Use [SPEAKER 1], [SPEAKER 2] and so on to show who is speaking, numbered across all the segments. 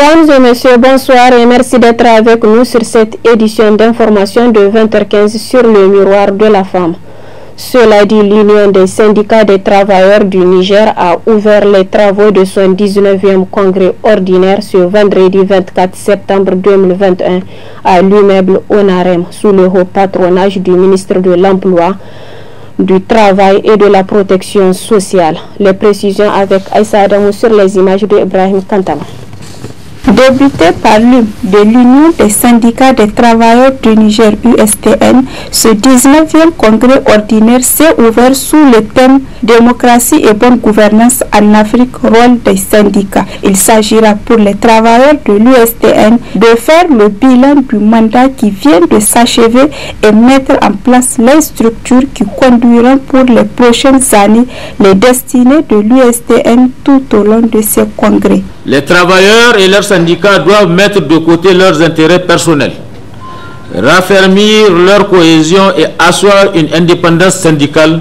[SPEAKER 1] Mesdames et messieurs, bonsoir et merci d'être avec nous sur cette édition d'information de 20h15 sur le miroir de la femme. Cela dit, l'Union des syndicats des travailleurs du Niger a ouvert les travaux de son 19e congrès ordinaire ce vendredi 24 septembre 2021 à l'immeuble Onarem sous le haut patronage du ministre de l'Emploi du travail et de la protection sociale. Les précisions avec Aïssa Adamou sur les images de Ibrahim Kantama
[SPEAKER 2] débuté par de l'Union des syndicats des travailleurs du Niger USTN, ce 19e congrès ordinaire s'est ouvert sous le thème Démocratie et bonne gouvernance en Afrique, rôle des syndicats. Il s'agira pour les travailleurs de l'USTN de faire le bilan du mandat qui vient de s'achever et mettre en place les structures qui conduiront pour les prochaines années les destinées de l'USTN tout au long de ce congrès.
[SPEAKER 3] Les travailleurs et leurs syndicats doivent mettre de côté leurs intérêts personnels, raffermir leur cohésion et asseoir une indépendance syndicale,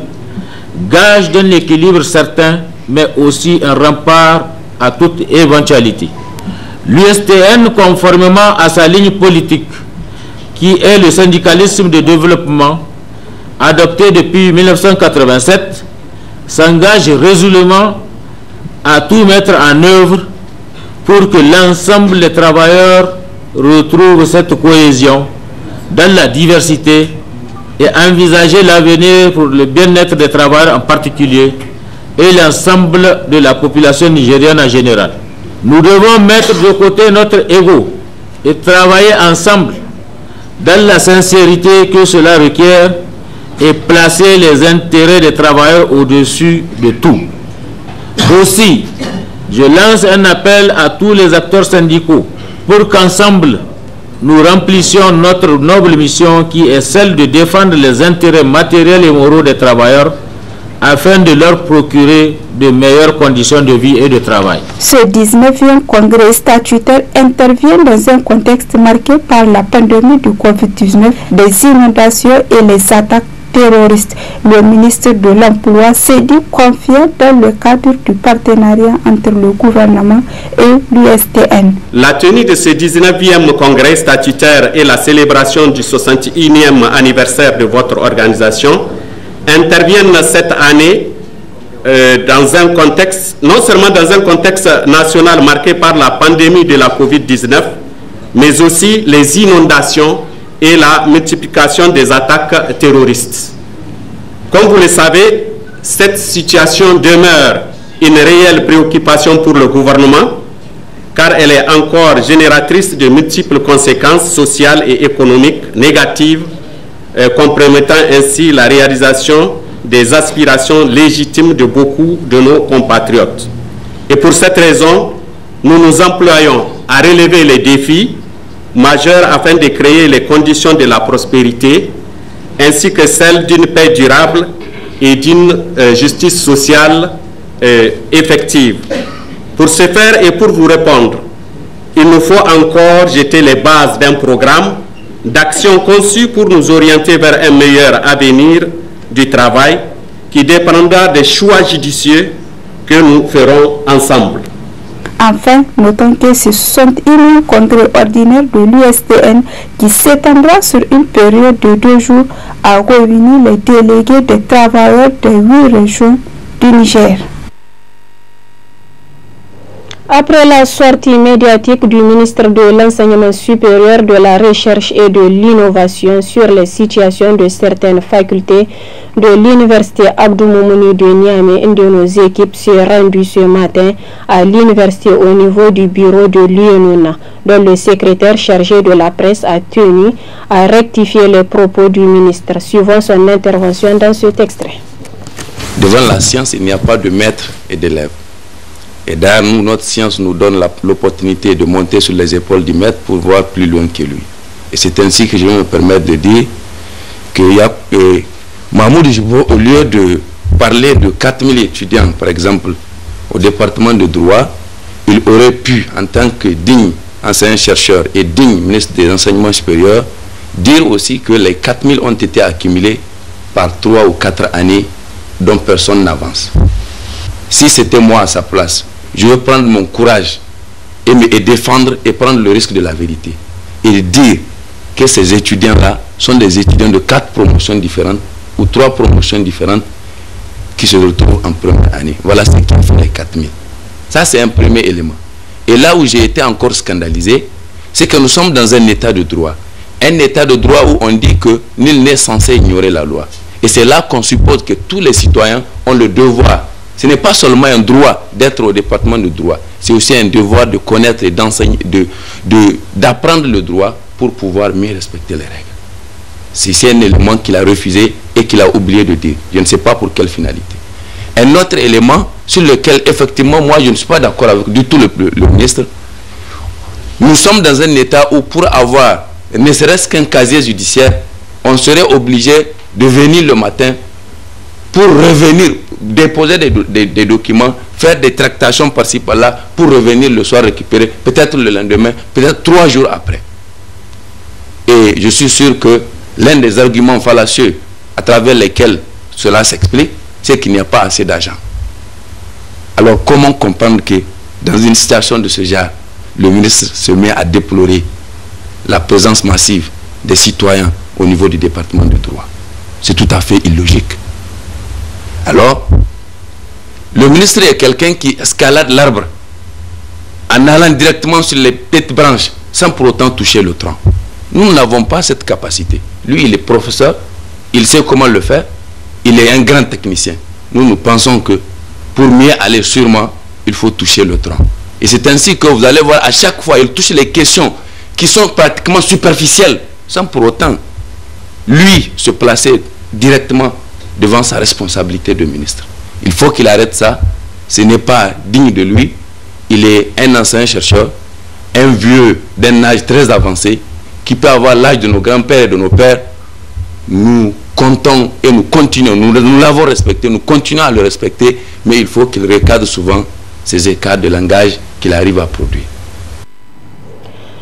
[SPEAKER 3] gage d'un équilibre certain, mais aussi un rempart à toute éventualité. L'USTN, conformément à sa ligne politique, qui est le syndicalisme de développement, adopté depuis 1987, s'engage résolument à tout mettre en œuvre pour que l'ensemble des travailleurs retrouvent cette cohésion dans la diversité et envisager l'avenir pour le bien-être des travailleurs en particulier et l'ensemble de la population nigérienne en général. Nous devons mettre de côté notre ego et travailler ensemble dans la sincérité que cela requiert et placer les intérêts des travailleurs au-dessus de tout. Aussi, je lance un appel à tous les acteurs syndicaux pour qu'ensemble, nous remplissions notre noble mission qui est celle de défendre les intérêts matériels et moraux des travailleurs afin de leur procurer de meilleures conditions de vie et de travail.
[SPEAKER 2] Ce 19e congrès statutaire intervient dans un contexte marqué par la pandémie du Covid-19, des inondations et les attaques terroristes. Le ministre de l'Emploi s'est dit confiant dans le cadre du partenariat entre le gouvernement et l'USTN.
[SPEAKER 4] La tenue de ce 19e congrès statutaire et la célébration du 61e anniversaire de votre organisation interviennent cette année euh, dans un contexte, non seulement dans un contexte national marqué par la pandémie de la COVID-19, mais aussi les inondations et la multiplication des attaques terroristes. Comme vous le savez, cette situation demeure une réelle préoccupation pour le gouvernement car elle est encore génératrice de multiples conséquences sociales et économiques négatives, euh, compromettant ainsi la réalisation des aspirations légitimes de beaucoup de nos compatriotes. Et pour cette raison, nous nous employons à relever les défis majeur afin de créer les conditions de la prospérité ainsi que celles d'une paix durable et d'une euh, justice sociale euh, effective. Pour ce faire et pour vous répondre, il nous faut encore jeter les bases d'un programme d'action conçu pour nous orienter vers un meilleur avenir du travail qui dépendra des choix judicieux que nous ferons ensemble.
[SPEAKER 2] Enfin, notons que ce sont une congrès ordinaire de l'USDN qui s'étendra sur une période de deux jours à réunir les délégués des travailleurs des huit régions du Niger. Après la sortie
[SPEAKER 1] médiatique du ministre de l'Enseignement supérieur, de la Recherche et de l'Innovation sur les situations de certaines facultés de l'Université Abdou Moumouni de Niamey, une de nos équipes s'est rendue ce matin à l'université au niveau du bureau de l'UNUNA, dont le secrétaire chargé de la presse a tenu à rectifier les propos du ministre, suivant son intervention dans ce extrait.
[SPEAKER 5] Devant la science, il n'y a pas de maître et d'élève et nous, notre science nous donne l'opportunité de monter sur les épaules du maître pour voir plus loin que lui. Et c'est ainsi que je vais me permettre de dire que euh, Mahmoud au lieu de parler de 4000 étudiants, par exemple, au département de droit, il aurait pu, en tant que digne enseignant-chercheur et digne ministre des enseignements supérieurs, dire aussi que les 4000 ont été accumulés par 3 ou 4 années dont personne n'avance. Si c'était moi à sa place, je veux prendre mon courage et, me, défendre et prendre le risque de la vérité. Et dire que ces étudiants-là sont des étudiants de quatre promotions différentes ou trois promotions différentes qui se retrouvent en première année. Voilà ce qui fait les 4000. Ça, c'est un premier élément. Et là où j'ai été encore scandalisé, c'est que nous sommes dans un état de droit. Un état de droit où on dit que nul n'est censé ignorer la loi. Et c'est là qu'on suppose que tous les citoyens ont le devoir ce n'est pas seulement un droit d'être au département de droit, c'est aussi un devoir de connaître et d'enseigner, d'apprendre de, le droit pour pouvoir mieux respecter les règles. C'est un élément qu'il a refusé et qu'il a oublié de dire. Je ne sais pas pour quelle finalité. Un autre élément sur lequel, effectivement, moi, je ne suis pas d'accord avec du tout le, le ministre, nous sommes dans un état où pour avoir ne serait-ce qu'un casier judiciaire, on serait obligé de venir le matin pour revenir déposer des, documents, faire des tractations par-ci par-là pour revenir le soir récupérer, peut-être le lendemain, peut-être trois jours après. Et je suis sûr que l'un des arguments fallacieux à travers lesquels cela s'explique, c'est qu'il n'y a pas assez d'argent. Alors comment comprendre que dans une situation de ce genre, le ministre se met à déplorer la présence massive des citoyens au niveau du département de droit C'est tout à fait illogique. Alors, le ministre est quelqu'un qui escalade l'arbre en allant directement sur les petites branches sans pour autant toucher le tronc. Nous n'avons pas cette capacité. Lui, il est professeur, il sait comment le faire, il est un grand technicien. Nous, nous pensons que pour mieux aller sûrement, il faut toucher le tronc. Et c'est ainsi que vous allez voir, à chaque fois, il touche les questions qui sont pratiquement superficielles, sans pour autant, lui, se placer directement devant sa responsabilité de ministre. Il faut qu'il arrête ça. Ce n'est pas digne de lui. Il est un ancien chercheur, un vieux d'un âge très avancé, qui peut avoir l'âge de nos grands-pères et de nos pères. Nous comptons et nous continuons. Nous, l'avons respecté, nous continuons à le respecter, mais il faut qu'il recadre souvent ces écarts de langage qu'il arrive à produire.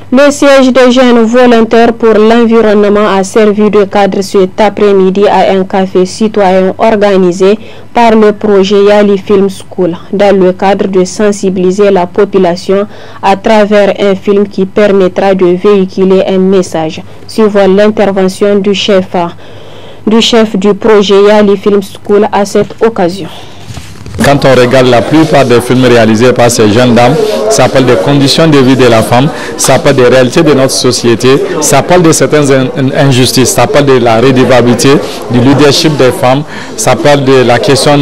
[SPEAKER 1] Le siège des jeunes volontaires pour l'environnement a servi de cadre cet après-midi à un café citoyen organisé par le projet Yali Film School dans le cadre de sensibiliser la population à travers un film qui permettra de véhiculer un message. Suivant l'intervention du chef, du chef du projet Yali Film School à cette occasion.
[SPEAKER 6] Quand on regarde la plupart des films réalisés par ces jeunes dames, ça parle des conditions de vie de la femme, ça parle des réalités de notre société, ça parle de certaines injustices, ça parle de la rédivabilité, du leadership des femmes, ça parle de la question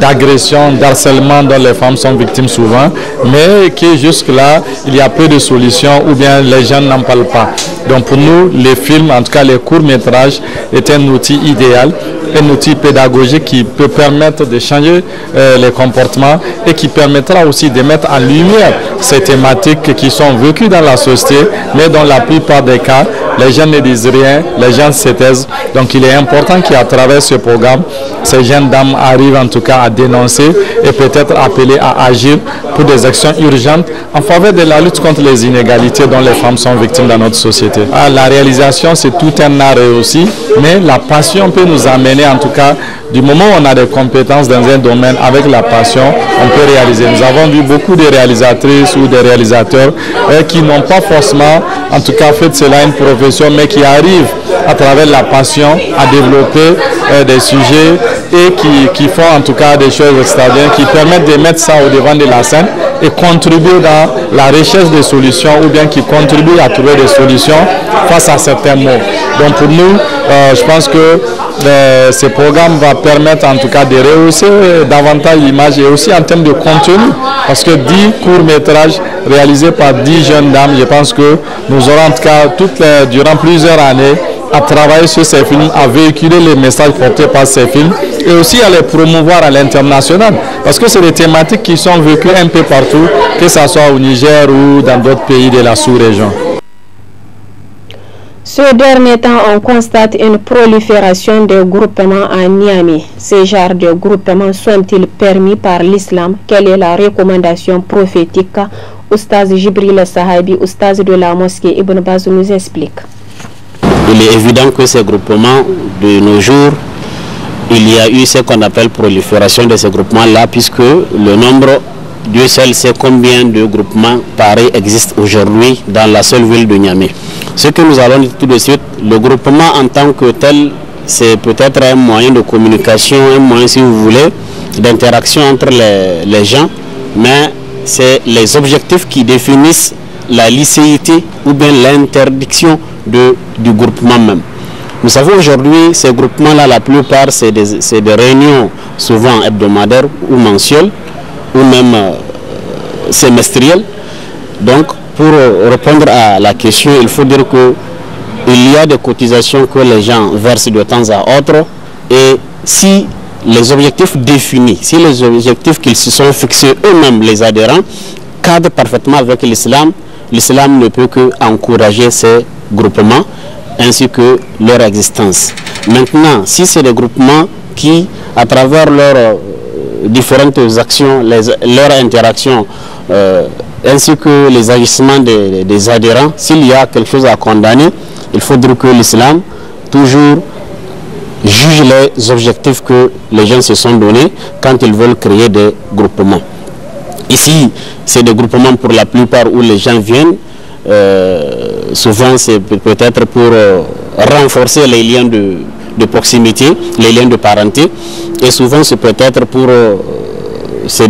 [SPEAKER 6] d'agression, d'harcèlement dont les femmes sont victimes souvent, mais que jusque-là, il y a peu de solutions ou bien les jeunes n'en parlent pas. Donc pour nous, les films, en tout cas les courts-métrages, est un outil idéal un outil pédagogique qui peut permettre de changer euh, les comportements et qui permettra aussi de mettre en lumière ces thématiques qui sont vécues dans la société, mais dans la plupart des cas, les jeunes ne disent rien, les gens se taisent. Donc il est important qu'à travers ce programme, ces jeunes dames arrivent en tout cas à dénoncer et peut-être appeler à agir pour des actions urgentes en faveur de la lutte contre les inégalités dont les femmes sont victimes dans notre société. Ah, la réalisation, c'est tout un arrêt aussi, mais la passion peut nous amener en tout cas du moment où on a des compétences dans un domaine avec la passion, on peut réaliser. Nous avons vu beaucoup de réalisatrices ou des réalisateurs euh, qui n'ont pas forcément, en tout cas, fait cela une profession, mais qui arrivent à travers la passion à développer euh, des sujets et qui, qui font en tout cas des choses extraordinaires, qui permettent de mettre ça au devant de la scène et contribuer dans la recherche des solutions ou bien qui contribuent à trouver des solutions face à certains mots. Donc pour nous, euh, je pense que euh, ce programme va permettre en tout cas de rehausser davantage l'image et aussi en termes de contenu. Parce que 10 courts-métrages réalisés par 10 jeunes dames, je pense que nous aurons en tout cas toutes durant plusieurs années à travailler sur ces films, à véhiculer les messages portés par ces films et aussi à les promouvoir à l'international. Parce que c'est des thématiques qui sont vécues un peu partout, que ce soit au Niger ou dans d'autres pays de la sous-région.
[SPEAKER 1] Ce dernier temps, on constate une prolifération de groupements à Niamey. Ces genres de groupements sont-ils permis par l'islam Quelle est la recommandation prophétique Oustaz Jibril Sahabi, oustaz de la mosquée Ibn Baz nous explique.
[SPEAKER 7] Il est évident que ces groupements, de nos jours, il y a eu ce qu'on appelle prolifération de ces groupements-là, puisque le nombre, Dieu seul sait combien de groupements pareils existent aujourd'hui dans la seule ville de Niamey. Ce que nous allons dire tout de suite, le groupement en tant que tel, c'est peut-être un moyen de communication, un moyen, si vous voulez, d'interaction entre les, les gens, mais c'est les objectifs qui définissent la licéité ou bien l'interdiction du groupement même. Nous savons aujourd'hui, ces groupements-là, la plupart, c'est des, des, réunions souvent hebdomadaires ou mensuelles, ou même euh, semestrielles. Donc, pour euh, répondre à la question, il faut dire qu'il y a des cotisations que les gens versent de temps à autre. Et si les objectifs définis, si les objectifs qu'ils se sont fixés eux-mêmes, les adhérents, cadrent parfaitement avec l'islam, l'islam ne peut que encourager ces groupements ainsi que leur existence. Maintenant, si c'est des groupements qui, à travers leurs euh, différentes actions, leurs interactions, euh, ainsi que les agissements des, des adhérents, s'il y a quelque chose à condamner, il faudrait que l'islam, toujours, juge les objectifs que les gens se sont donnés quand ils veulent créer des groupements. Ici, c'est des groupements pour la plupart où les gens viennent. Euh, souvent, c'est peut-être pour euh, renforcer les liens de, proximité, les liens de parenté. Et souvent, c'est peut-être pour... Euh, ces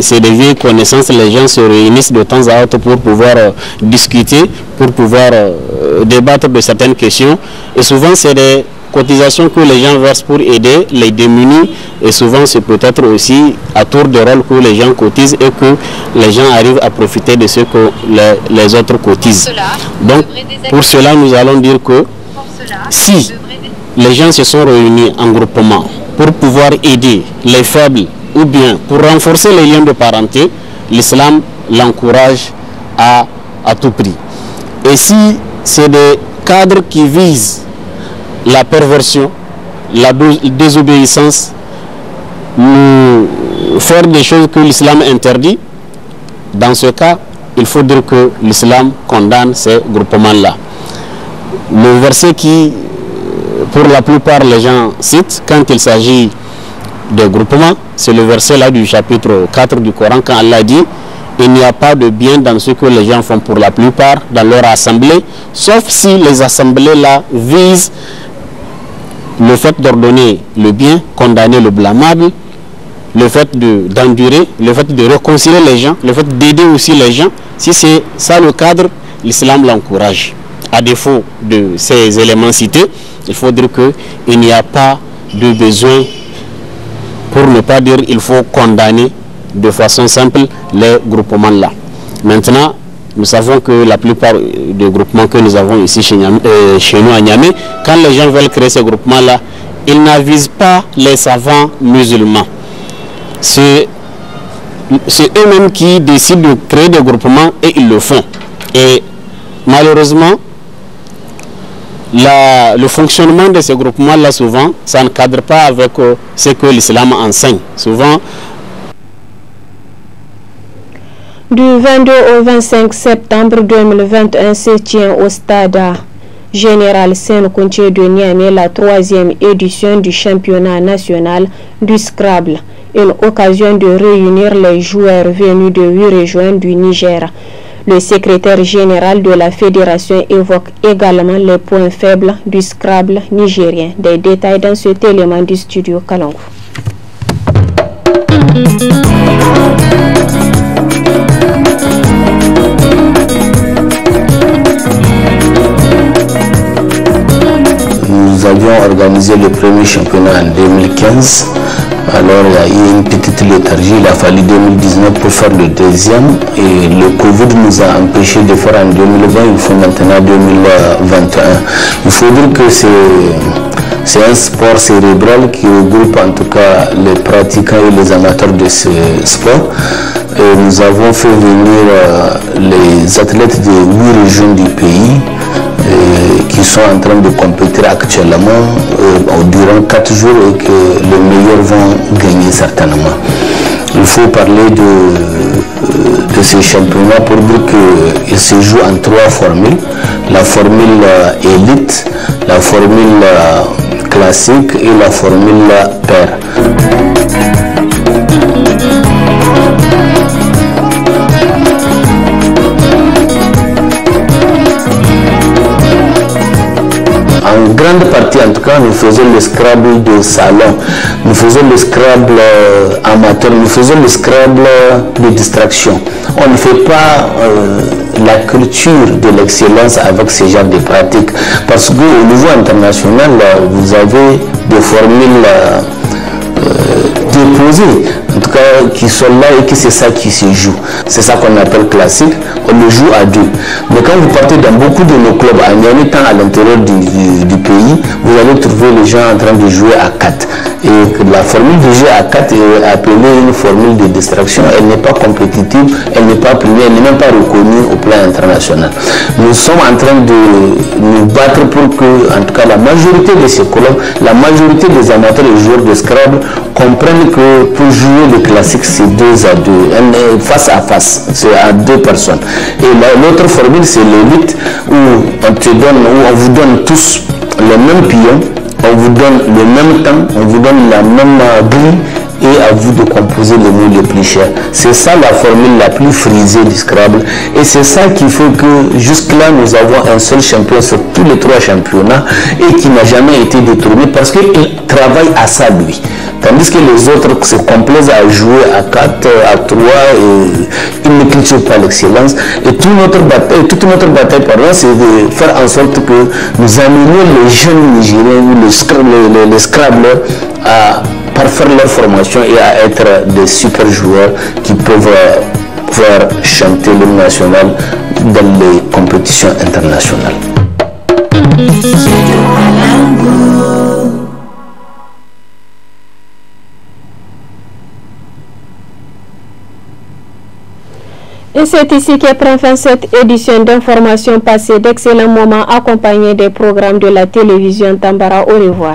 [SPEAKER 7] c'est des, vieilles connaissances, les gens se réunissent de temps à autre pour pouvoir discuter, pour pouvoir débattre de certaines questions. Et souvent, c'est des cotisation que les gens versent pour aider les démunis et souvent c'est peut-être aussi à tour de rôle que les gens cotisent et que les gens arrivent à profiter de ce que les, autres cotisent. Donc pour cela nous allons dire que si les gens se sont réunis en groupement pour pouvoir aider les faibles ou bien pour renforcer les liens de parenté, l'islam l'encourage à, à tout prix. Et si c'est des cadres qui visent la perversion, la désobéissance, nous faire des choses que l'islam interdit, dans ce cas, il faut dire que l'islam condamne ces groupements-là. Le verset qui, pour la plupart, les gens citent quand il s'agit de groupements, c'est le verset là du chapitre 4 du Coran quand Allah dit il n'y a pas de bien dans ce que les gens font pour la plupart dans leur assemblée, sauf si les assemblées là visent le fait d'ordonner le bien, condamner le blâmable, le fait d'endurer, le fait de réconcilier les gens, le fait d'aider aussi les gens, si c'est ça le cadre, l'islam l'encourage. À défaut de ces éléments cités, il faut dire qu'il n'y a pas de besoin, pour ne pas dire qu'il faut condamner de façon simple les groupements là. Maintenant, nous savons que la plupart des groupements que nous avons ici euh, chez, nous à Niamey, quand les gens veulent créer ces groupements-là, ils n'avisent pas les savants musulmans. C'est eux-mêmes qui décident de créer des groupements et ils le font. Et malheureusement, le fonctionnement de ces groupements-là, souvent, ça ne cadre pas avec euh, ce que l'islam enseigne. Souvent,
[SPEAKER 1] du 22 au 25 septembre 2021 se tient au stade Général Saint-Contier de Niamey la troisième édition du championnat national du Scrabble, une occasion de réunir les joueurs venus de 8 régions du Niger. Le secrétaire général de la fédération évoque également les points faibles du Scrabble nigérien. Des détails dans cet élément du studio Kalangou.
[SPEAKER 8] nous avions organisé le premier championnat en 2015. Alors il y a eu une petite léthargie, il a fallu 2019 pour faire le deuxième et le Covid nous a empêché de faire en 2020, il faut maintenant 2021. Il faut dire que c'est un sport cérébral qui regroupe en tout cas les pratiquants et les amateurs de ce sport. nous avons fait venir euh, les athlètes de huit régions du pays qui sont en train de compétir actuellement euh, durant quatre jours et que les meilleurs vont gagner certainement. Il faut parler de, euh, de ces championnats pour dire qu'ils euh, se jouent en trois formules. La formule élite, la formule classique et la formule paire. en grande partie, en tout cas, nous faisons le Scrabble de salon, nous faisons le Scrabble euh, amateur, nous faisons le Scrabble de distraction. On ne fait pas euh, la culture de l'excellence avec ce genre de pratiques parce qu'au niveau international, euh, vous avez des formules déposées qui sont là et que c'est ça qui se joue. C'est ça qu'on appelle classique, on le joue à deux. Mais quand vous partez dans beaucoup de nos clubs, en y à l'intérieur du, pays, vous allez trouver les gens en train de jouer à quatre et que la formule du jeu à 4 est appelée une formule de distraction. Elle n'est pas compétitive, elle n'est pas privée, elle n'est même pas reconnue au plan international. Nous sommes en train de nous battre pour que, en tout cas, la majorité de ces clubs, la majorité des amateurs et joueurs de Scrabble comprennent que pour jouer le classique, c'est deux à deux, face à face, c'est à deux personnes. Et l'autre formule, c'est l'élite où on donne, où on vous donne tous les mêmes pions on vous donne le même temps, on vous donne la même grille, et à vous de composer le mots les plus cher. C'est ça la formule la plus frisée du Scrabble et c'est ça qui fait que jusque-là nous avons un seul champion sur tous les trois championnats et qui n'a jamais été détourné parce qu'il travaille à ça lui. Tandis que les autres se complaisent à jouer à quatre, à trois et ils ne cultivent pas l'excellence. Et toute notre bataille, toute notre bataille c'est de faire en sorte que nous amenions les jeunes Nigériens ou les, les, à faire leur formation et à être des super joueurs qui peuvent pouvoir euh, chanter le national dans les compétitions internationales.
[SPEAKER 1] Et c'est ici que prend fin cette édition d'information passée d'excellents moments accompagnés des programmes de la télévision Tambara. Au revoir.